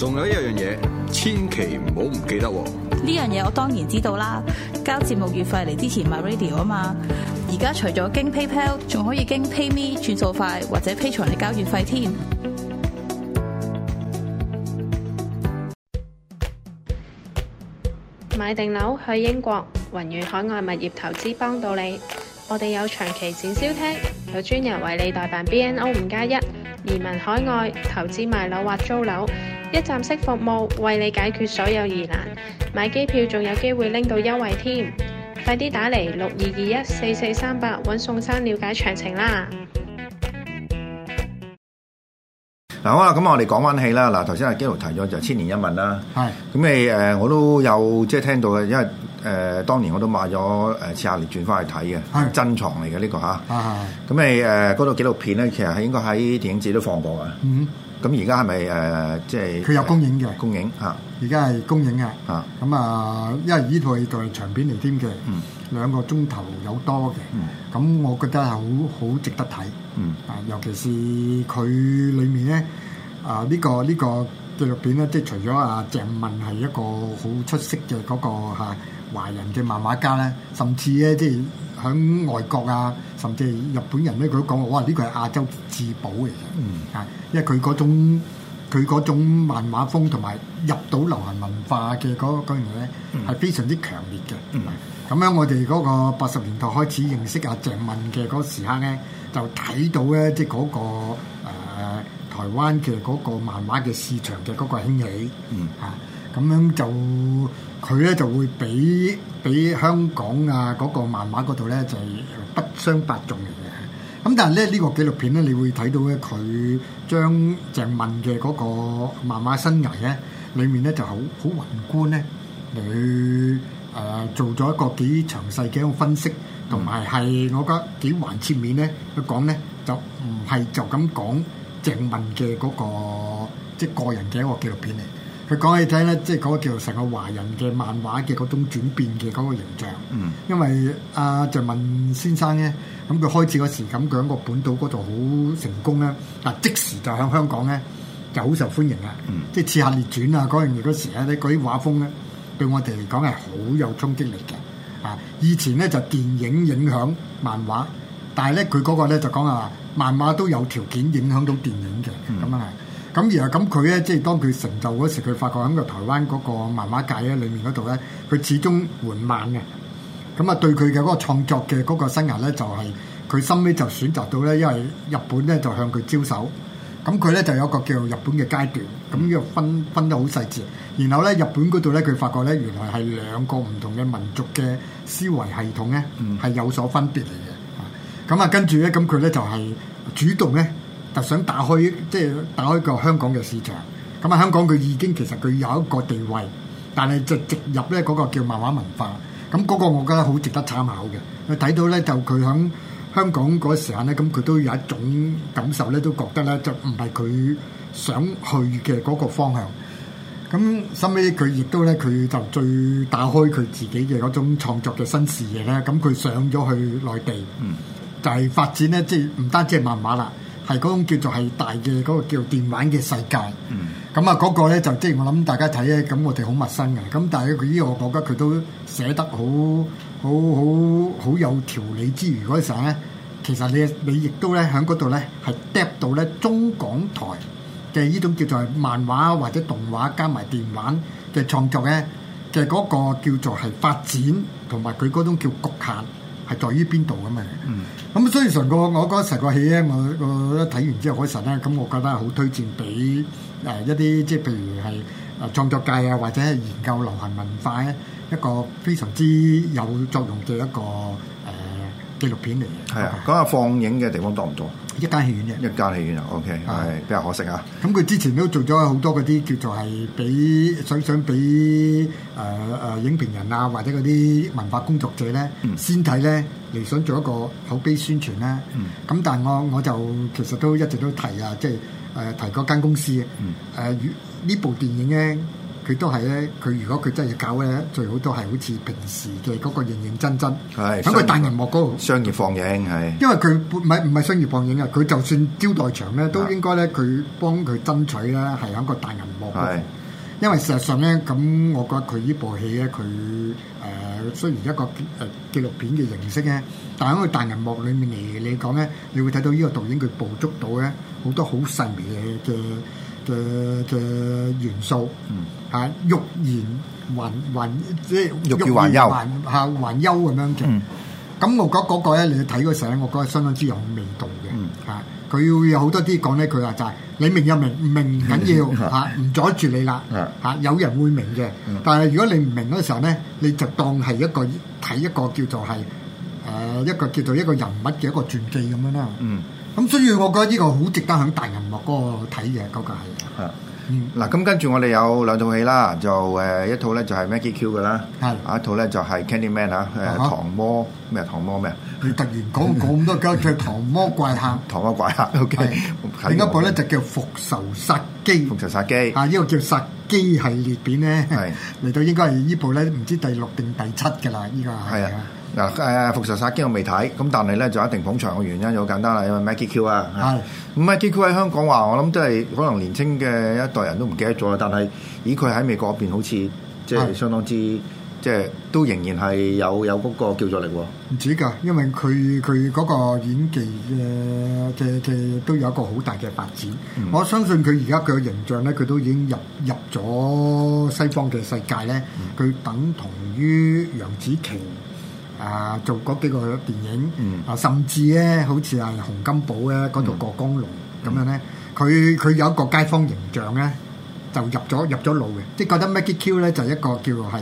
仲有一樣嘢，千祈唔好唔記得呢樣嘢。我當然知道啦，交節目月費嚟之前 MyRadio 啊嘛。而家除咗經 PayPal，仲可以經 PayMe 轉數快，或者 Patreon 嚟交月費添。買定樓去英國，雲遠海外物業投資幫到你。我哋有長期展銷廳，有專人為你代辦 B N O 五加一移民海外投資買樓或租樓。一站式服務，為你解決所有疑難。買機票仲有機會拎到優惠添，快啲打嚟六二二一四四三八，搵宋生了解詳情啦。嗱，好啦，咁我哋講翻戲啦。嗱，頭先阿基提咗就是《千年一問》啦，係咁你，誒，我都有即係、就是、聽到嘅，因為誒、呃、當年我都買咗誒次下列轉翻去睇嘅，珍藏嚟嘅呢個吓，咁、啊、你，誒嗰度紀錄片咧，其實係應該喺電影節都放過啊，嗯。咁而家係咪誒即係？佢、呃就是、有公映嘅，公映啊！而家係公映嘅啊！咁啊，因為呢套係長片嚟添嘅，兩個鐘頭有多嘅。咁、嗯、我覺得係好好值得睇、嗯。啊，尤其是佢裡面咧啊，這個這個、呢個呢個紀錄片咧，即係除咗阿、啊、鄭問係一個好出色嘅嗰個嚇、啊、華人嘅漫畫家咧，甚至咧即係。響外國啊，甚至係日本人咧，佢都講話：哇！呢個係亞洲至寶嚟嘅。嗯，啊，因為佢嗰種佢嗰種漫畫風同埋入到流行文化嘅嗰嗰樣嘢咧，係非常之強烈嘅。嗯，咁、嗯嗯、樣我哋嗰個八十年代開始認識阿鄭問嘅嗰時刻咧，就睇到咧即係嗰個、呃、台灣嘅嗰個漫畫嘅市場嘅嗰個興起。嗯，啊。咁樣就佢咧就會比比香港啊嗰、那個漫畫嗰度咧就係、是、不相伯仲嘅。咁但係咧呢、這個紀錄片咧，你會睇到咧，佢將鄭問嘅嗰個漫畫生涯咧，裡面咧就好好宏觀咧，你誒、呃、做咗一個幾詳細嘅一個分析，同埋係我覺得幾橫切面咧佢講咧，就唔係就咁講鄭問嘅嗰、那個即係、就是、個人嘅一個紀錄片嚟。佢講起睇咧，即係講個叫做成個華人嘅漫畫嘅嗰種轉變嘅嗰個形象。嗯。因為阿鄭問先生咧，咁佢開始嗰時咁講個本土嗰度好成功咧，即時就喺香港咧就好受歡迎啦、嗯。即係刺客《列傳》嗰樣嘢啊，嗰陣時嗰時咧，嗰啲畫風咧，對我哋嚟講係好有衝擊力嘅。啊，以前咧就電影影響漫畫，但係咧佢嗰個咧就講啊，漫畫都有條件影響到電影嘅。咁、嗯、啊。嗯咁而家咁佢咧，即係當佢成就嗰時，佢發覺喺個台灣嗰個漫畫界咧，裏面嗰度咧，佢始終緩慢嘅。咁啊，對佢嘅嗰個創作嘅嗰個生涯咧，就係佢心尾就選擇到咧，因為日本咧就向佢招手。咁佢咧就有一個叫日本嘅階段。咁、嗯、呢個分分得好細緻。然後咧，日本嗰度咧，佢發覺咧，原來係兩個唔同嘅民族嘅思維系統咧，係、嗯、有所分別嚟嘅。咁啊，跟住咧，咁佢咧就係主動咧。就想打開，即係打開個香港嘅市場。咁啊，香港佢已經其實佢有一個地位，但係就直入咧嗰個叫漫畫文化。咁嗰個我覺得好值得參考嘅。睇到咧就佢喺香港嗰時刻咧，咁佢都有一種感受咧，都覺得咧就唔係佢想去嘅嗰個方向。咁後尾佢亦都咧，佢就最打開佢自己嘅嗰種創作嘅新事業咧。咁佢上咗去內地，就係發展咧，即係唔單止係漫畫啦，係嗰種叫做係大嘅嗰個叫做電玩嘅世界，咁啊嗰個咧就即係我諗大家睇咧，咁我哋好陌生嘅，咁但係佢依個我覺得佢都寫得好好好好有條理之餘，嗰時候咧，其實你你亦都咧喺嗰度咧係 drop 到咧中港台嘅依種叫做係漫畫或者動畫加埋電玩嘅創作咧嘅嗰個叫做係發展同埋佢嗰種叫局限。係在於邊度咁啊？咁、嗯、啊，雖然成個我嗰陣時個戲咧，我我睇完之後嗰陣咧，咁我覺得好推薦俾誒一啲即係譬如係創作界啊，或者係研究流行文化咧，一個非常之有作用嘅一個誒。呃紀錄片嚟嘅，係啊，咁、okay. 講下放映嘅地方多唔多？一間戲院啫，一間戲院啊，OK，係比較可惜啊。咁佢之前都做咗好多嗰啲叫做係俾想想俾誒誒影評人啊或者嗰啲文化工作者咧、嗯、先睇咧嚟想做一個口碑宣傳啦、啊。咁、嗯、但係我我就其實都一直都提啊，即係誒提嗰間公司誒，呢、嗯呃、部電影咧。佢都係咧，佢如果佢真係要搞咧，最好都係好似平時嘅嗰個認認真真，喺個大銀幕嗰度商業放映係。因為佢唔係唔係商業放映啊，佢就算招待場咧，都應該咧佢幫佢爭取咧係喺個大銀幕。係，因為事實上咧，咁我覺得佢呢部戲咧，佢誒、呃、雖然一個誒紀錄片嘅形式咧，但喺個大銀幕裏面嚟嚟講咧，你會睇到呢個導演佢捕捉到咧好多好細微嘅嘅嘅嘅元素，嚇、嗯、欲言還還即係欲言還休，還休咁、啊、樣嘅。咁、嗯、我覺得嗰、那個咧，你睇嗰時我覺得相當之有味道嘅。嚇、嗯，佢、啊、會有好多啲講咧，佢話就係、是、你明又明，唔明唔緊要嚇，唔阻住你啦。嚇、 啊，有人會明嘅、嗯，但係如果你唔明嗰時候咧，你就當係一個睇一個叫做係誒、呃、一個叫做一個人物嘅一個傳記咁樣啦。嗯。咁、嗯、所以，我覺得呢個好值得響大銀幕嗰個睇嘅，究竟係。啊，嗱、嗯，咁跟住我哋有兩套戲啦，就誒、呃、一套咧就係《Maggie Q》噶啦，係，一套咧就係《Candy、啊、Man》嚇，誒糖魔咩啊？糖魔咩啊？你突然講咁、嗯、多嘅，仲係糖魔怪客。糖魔怪客，OK。另一部咧、嗯、就叫《復仇殺機》。復仇殺機。啊，呢、這個叫殺機系列片咧，嚟到應該係呢部咧，唔知道第六定第七嘅啦，呢個係啊。嗱、啊、誒復仇殺機我未睇，咁但係咧就一定捧場嘅原因就好簡單啦，因為 Maggie Q 啊，係，咁 Maggie Q 喺香港話，我諗都係可能年青嘅一代人都唔記得咗，但係，咦佢喺美國嗰邊好似即係相當之，即係都仍然係有有嗰個叫作力喎。唔止㗎，因為佢佢嗰個演技誒誒誒都有一個好大嘅發展，嗯、我相信佢而家佢嘅形象咧，佢都已經入入咗西方嘅世界咧，佢等同於楊紫瓊。啊，做嗰幾個電影、嗯、啊，甚至咧，好似係、啊洪金寶咧，嗰度過江龍咁樣咧，佢、嗯、佢有一個街坊形象咧，就入咗入咗腦嘅。即係覺得 Maggie Q 咧，就是、一個叫做係，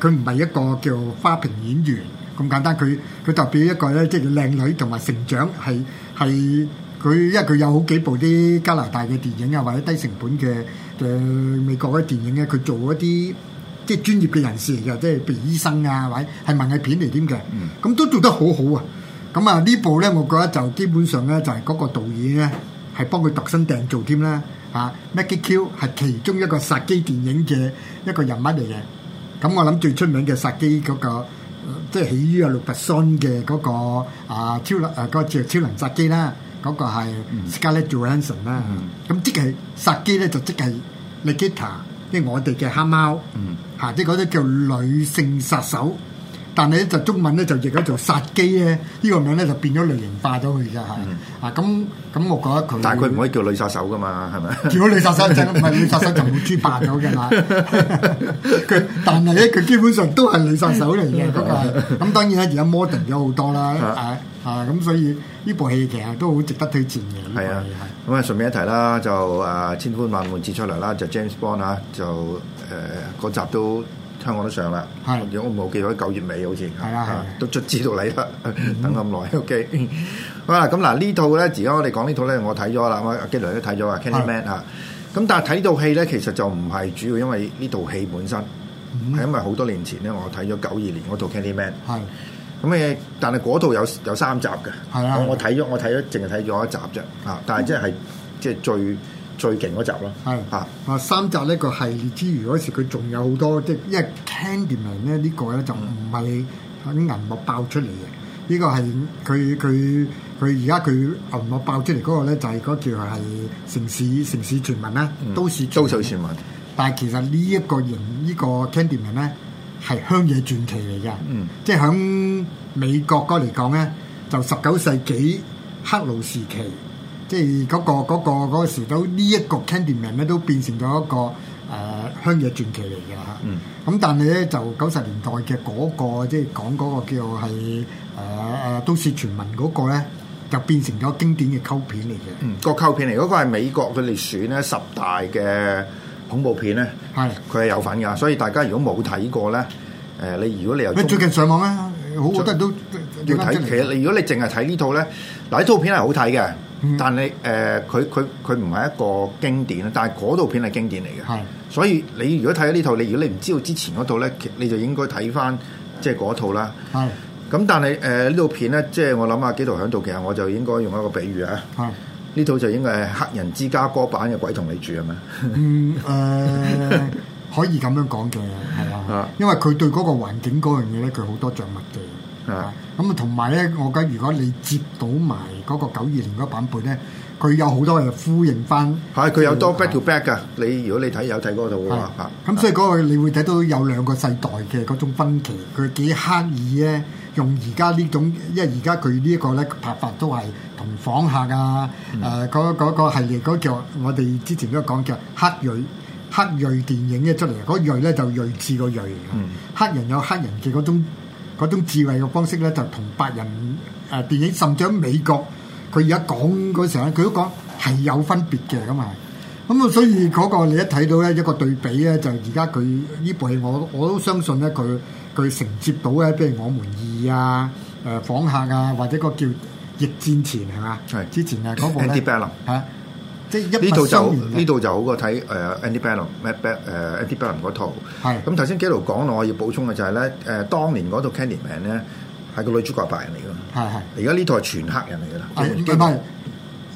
佢唔係一個叫花瓶演員咁簡單，佢佢代表一個咧，即係靚女同埋成長係係佢，因為佢有好幾部啲加拿大嘅電影啊，或者低成本嘅誒美國嘅電影咧，佢做一啲。即係專業嘅人士嚟嘅，即係譬如醫生啊，或者係文藝片嚟添嘅，咁都做得好好啊！咁啊呢部咧，我覺得就基本上咧就係嗰個導演咧係幫佢度身訂造添啦嚇。Maggie Q 係其中一個殺機電影嘅一個人物嚟嘅。咁我諗最出名嘅殺機嗰個即係起於 Luc Besson 嘅嗰個啊超啊嗰個叫超能殺機啦，嗰個係 Scarlett Johansson 啦。咁即係殺機咧就即係 Nikita。即係我哋嘅黑貓嗯吓即係嗰啲叫女性殺手但係咧就中文咧就譯咗做殺機咧，呢、呢個名咧就變咗類型化咗佢㗎，係啊，咁咁我覺得佢，但係佢唔可以叫女殺手㗎嘛係咪？叫女殺手真唔係女殺手就冇豬霸咗嘅嘛。佢 但係咧佢基本上都係女殺手嚟嘅嗰個，咁 當然咧而家 modern 咗好多啦 啊咁所以呢部戲其實都好值得推薦嘅。係啊，咁啊順便一提啦，就誒、啊、千呼萬喚始出嚟啦，就 James Bond 啊，就誒嗰集都。香港都上啦，如果我冇記錯，喺九月尾好似，係啦，都出知道你啦、嗯，等咁耐，O K。好啦，咁嗱呢套咧，而家我哋講呢套咧，我睇咗啦，阿紀陶都睇咗啊，Candy Man 啊，咁但係睇套戲咧，其實就唔係主要，因為呢套戲本身係因為好多年前咧，我睇咗九二年嗰套 Candy Man，係咁誒，但係嗰套有有三集嘅，我我睇咗，我睇咗，淨係睇咗一集啫，啊，但係、就係嗯、即係即係最。最勁嗰集咯，係啊！啊三集呢個系列之餘，嗰時佢仲有好多，即係因為 Candyman 咧呢個咧就唔係喺銀幕爆出嚟嘅，呢、嗯呢個係佢佢佢而家佢銀幕爆出嚟嗰個咧就係嗰條係城市城市傳聞啦，都市遭受傳聞。但係其實呢一個人呢、呢個 Candyman 咧係鄉野傳奇嚟嘅、嗯，即係喺美國嗰嚟講咧，就十九世紀黑奴時期。即係嗰、嗰個嗰、嗰個嗰、嗰個時都呢一個 Candyman 咧都變成咗一個誒鄉野傳奇嚟㗎。咁但係咧就九十年代嘅嗰、嗰個即係講嗰個叫做係、啊啊、都市傳聞嗰個咧，就變成咗經典嘅溝片嚟嘅、嗯。個溝片嚟嗰個係美國佢哋選咧十大嘅恐怖片咧，佢係有份㗎。所以大家如果冇睇過咧，你、呃、如果你又最近上網咧，好多人都要睇。其實如果你淨係睇呢套咧，嗱呢套片係好睇嘅。嗯、但係誒，佢佢佢唔係一個經典，但係嗰套片係經典嚟嘅。係，所以你如果睇呢套，你如果你唔知道之前嗰套咧，你就應該睇翻即係嗰套啦。係，咁但係誒呢套片咧，即係、呃、我諗下幾度喺度，其實我就應該用一個比喻啊。係，呢套就應該係黑人芝加哥版嘅鬼同你住係咪？嗯誒、呃，可以咁樣講嘅係啊，因為佢對嗰個環境嗰樣嘢咧，佢好多着物嘅。啊！咁啊，同埋咧，我覺得如果你接到埋嗰個九二年嗰個版本咧，佢有好多係呼應翻，係佢、啊、有多 back to back 噶、啊。你如果你睇有睇嗰個圖嘅話，咁、啊啊、所以嗰個你會睇到有兩個世代嘅嗰種分歧，佢幾刻意咧用而家呢種，因為而家佢呢一個咧拍法都係同仿客啊，誒、嗯、嗰、呃那個系列嗰叫我哋之前都講叫黑鋭，黑鋭電影咧出嚟，嗰鋭咧就鋭智個鋭嚟嘅，嗯、黑人有黑人嘅嗰種。嗰種智慧嘅方式咧，就同白人誒、呃、電影，甚至喺美國，佢而家講嗰時候佢都講係有分別嘅。咁啊！咁啊，所以嗰個你一睇到咧，一個對比咧，就而家佢呢部戲我，我我都相信咧，佢佢承接到咧，譬如《我們二》啊、誒、呃《訪客》啊，或者個叫《逆戰前》係嘛？係之前啊嗰部咧嚇。Uh, 即係呢度就呢度就好過睇 Andy Baldwin、Matt Baldwin 嗰套。係。咁頭先紀陶講我要補充嘅就係、是、咧當年嗰套 Candyman 咧係個女主角係白人嚟㗎。係係。而家呢套係全黑人嚟㗎啦。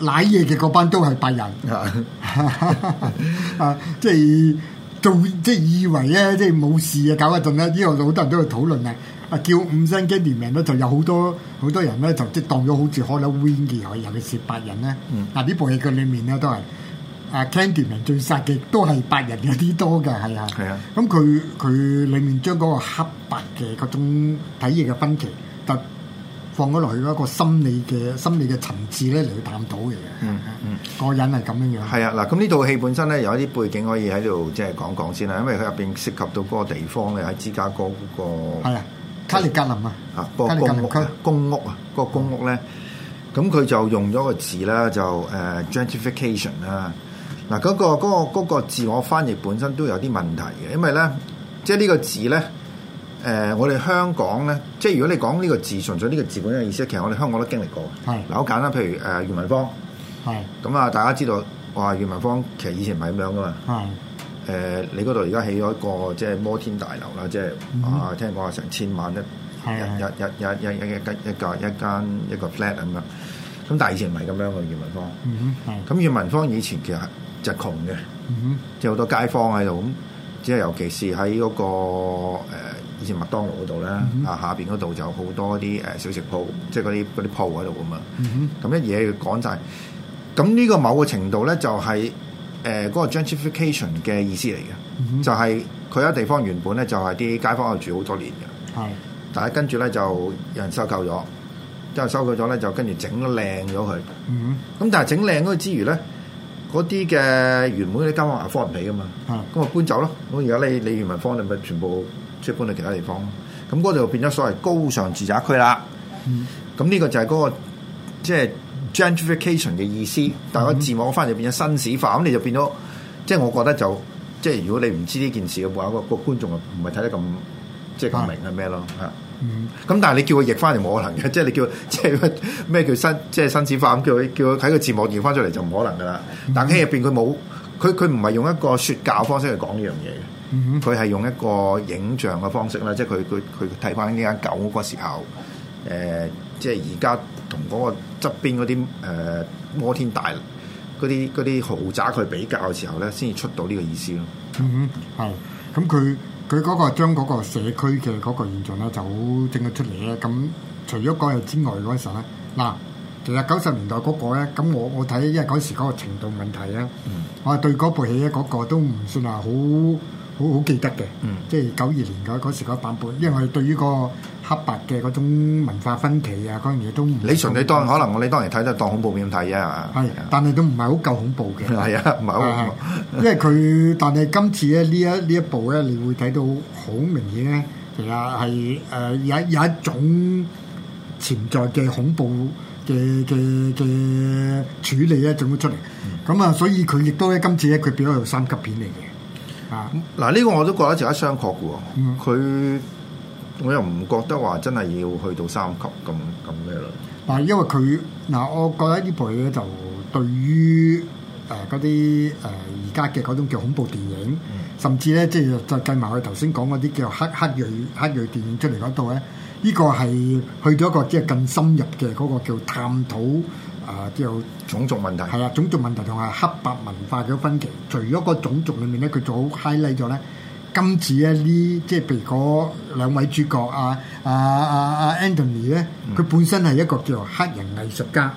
瀨嘢嘅嗰班都係白人。 啊，即係做即以為咧，即係冇事啊，搞一陣啦。呢個老多人都喺度討論啊。啊！叫五聲 Candyman 咧，就有好多好多人咧，就即當咗好似 Halloween 嘅，尤其是白人咧。嗱、嗯，呢部戲嘅裏面咧都係啊，Candyman 最殺嘅都係白人有啲多嘅，係啊。係啊。咁佢佢裏面將嗰個黑白嘅嗰種體型嘅分歧，就放咗落去一個心理嘅心理嘅層次咧嚟去探到嘅、啊。嗯嗯。個人係咁樣樣。係啊！嗱，咁呢套戲本身咧有一啲背景可以喺度即係講講先啦，因為佢入邊涉及到嗰個地方咧喺芝加哥嗰、嗰個。係啊。卡列格林啊，啊，個公屋，公屋啊，個公屋咧、啊，咁佢、啊啊啊、就用咗個字啦，就誒、uh, gentrification 啦、啊。嗱、那個，嗰、那個嗰、那個、字，我翻譯本身都有啲問題嘅，因為咧，即係呢個字咧，誒、呃，我哋香港咧，即係如果你講呢個字，純粹呢個字本身嘅意思，其實我哋香港都經歷過。嗱，好簡單，譬如誒袁文芳，係、uh,，咁啊，大家知道，哇，袁文芳其實以前唔係咁樣噶嘛。係。誒、呃，你嗰度而家起咗一個即係摩天大樓啦，即係啊，聽講啊，成千萬一，是是一,一，一，一，一，一，一間一間一間一個 flat 咁樣。咁但係以前唔係咁樣個裕民坊。咁裕民坊以前其實就窮嘅，是即係好多街坊喺度咁，即係尤其是喺嗰、那個以前麥當勞嗰度咧，啊下邊嗰度就好多啲誒小食鋪，即係嗰啲啲鋪喺度咁嘛。咁一嘢講就係，咁呢、啊、個某個程度咧就係、是。誒、呃、嗰、那個 gentrification 嘅意思嚟嘅，mm-hmm. 就係佢有地方原本咧就係啲街坊係住好多年嘅，係、mm-hmm.，但係跟住咧就有人收購咗，之後收購咗咧就跟住整靚咗佢，咁、mm-hmm. 但係整靚嗰個之餘咧，嗰啲嘅原本啲街坊係 afford 唔起噶嘛，咁、mm-hmm. 啊搬走咯，咁而家咧你原民方你咪全部即係搬去其他地方，咁嗰度變咗所謂高尚住宅區啦，咁、mm-hmm. 呢個就係嗰、那個即係。就是 gentrification 嘅意思，但係個字幕翻就變咗紳士化，咁、嗯、你就變咗，即、就、係、是、我覺得就，即係如果你唔知呢件事嘅話，個個觀眾唔係睇得咁即係講明係咩咯嚇。咁、嗯嗯、但係你叫佢譯翻就冇可能嘅，即係你叫佢，即係咩叫新即係紳士化，咁叫叫睇個字幕譯翻出嚟就唔可能噶啦、嗯。但係戲入邊佢冇，佢佢唔係用一個説教方式去講呢樣嘢嘅，佢、嗯、係、嗯、用一個影像嘅方式啦，即係佢佢佢睇翻呢間狗屋嗰時候，誒、呃，即係而家。同嗰個側邊嗰啲誒摩天大嗰啲嗰啲豪宅去比較嘅時候咧，先至出到呢個意思咯。嗯，係。咁佢佢嗰個將嗰個社區嘅嗰個現象咧，就好整咗出嚟嘅。咁除咗嗰日之外嗰陣時候咧，嗱，其實九十年代嗰個咧，咁我我睇因為嗰時嗰個程度問題咧、嗯，我對嗰部戲咧嗰個都唔算話好。好好記得嘅，嗯、即係九二年嗰、那、嗰、個、時嗰版本，因為我哋對於個黑白嘅嗰種文化分歧啊，嗰樣嘢都，唔理純你當時可能我你當年睇都當恐怖片睇啊。係，但係都唔係好夠恐怖嘅。係啊，唔係好，恐怖。啊、是因為佢但係今次咧呢一呢一部咧，你會睇到好明顯咧，其實係誒、呃、有一有一種潛在嘅恐怖嘅嘅嘅處理咧、啊，整咗出嚟。咁、嗯、啊，所以佢亦都咧今次咧，佢變咗有三級片嚟嘅。啊，嗱、這、呢個我都覺得值得商榷嘅喎，佢、嗯、我又唔覺得話真係要去到三級咁咁咩咯。嗱，因為佢嗱、呃，我覺得呢部戲咧就對於誒嗰啲誒而家嘅嗰種叫恐怖電影，嗯、甚至咧即係再計埋我哋頭先講嗰啲叫黑黑裔黑裔電影出嚟嗰度咧，呢、這個係去咗一個即係更深入嘅嗰個叫探討。啊，叫種族問題。係啊，種族問題同埋黑白文化嘅分歧。除咗個種族裏面咧，佢仲好 highlight 咗咧，今次咧呢，即係譬如嗰兩位主角啊啊啊啊 Anthony 咧、嗯，佢本身係一個叫做黑人藝術家。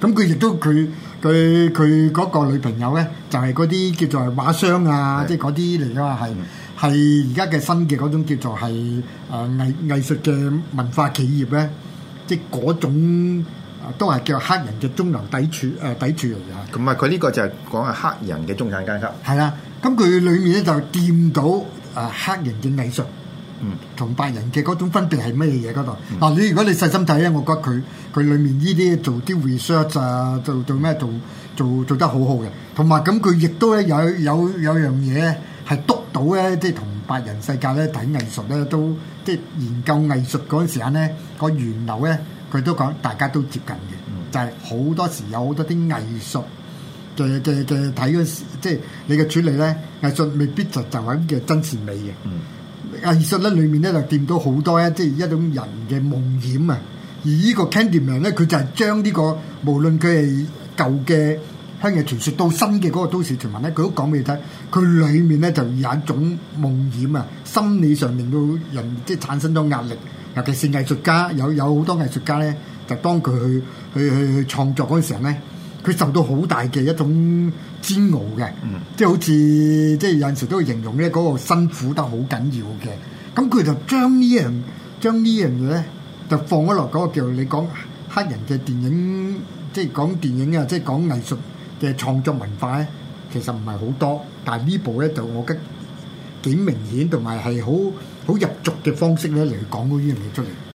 咁佢亦都佢佢佢嗰個女朋友咧，就係嗰啲叫做畫商啊，即係嗰啲嚟㗎嘛，係係而家嘅新嘅嗰種叫做係啊藝藝術嘅文化企業咧，即係嗰種。都係叫黑人嘅中流砥柱，誒砥柱嚟㗎。咁啊，佢呢個就係講係黑人嘅中產階級。係啦，咁佢裡面咧就掂到誒黑人嘅藝術，嗯，同白人嘅嗰種分別係咩嘢嗰度？嗱、嗯，你如果你細心睇咧，我覺得佢佢裡面呢啲做啲 research 啊，做做咩做做做得好好嘅。同埋咁佢亦都咧有有有樣嘢咧係督到咧，即係同白人世界咧睇藝術咧都即係、即係、研究藝術嗰陣時間咧、個源流咧。佢都講，大家都接近嘅、嗯，就係、是、好多時有好多啲藝術嘅嘅嘅睇嗰時，即係、就是、你嘅處理咧，藝術未必就就咁嘅真善美嘅、嗯。藝術咧裏面咧就掂到好多一即係一種人嘅夢魘啊！而呢個 Candyman 咧、這個，佢就係將呢個無論佢係舊嘅鄉野傳說到新嘅嗰個都市傳聞咧，佢都講俾你睇。佢裏面咧就有一種夢魘啊，心理上令到人即係、就是、產生咗壓力。尤其是藝術家，有有好多藝術家咧，就當佢去去去去創作嗰陣時咧，佢受到好大嘅一種煎熬嘅，嗯，即係好似即係有陣時都會形容咧嗰個辛苦得好緊要嘅。咁佢就將呢個、將呢樣將呢樣嘢咧，就放咗落嗰個叫你講黑人嘅電影，即係講電影啊，即係講藝術嘅創作文化咧，其實唔係好多，但係呢部咧就我幾明顯同埋係好好入俗嘅方式咧，嚟講，呢樣嘢出嚟。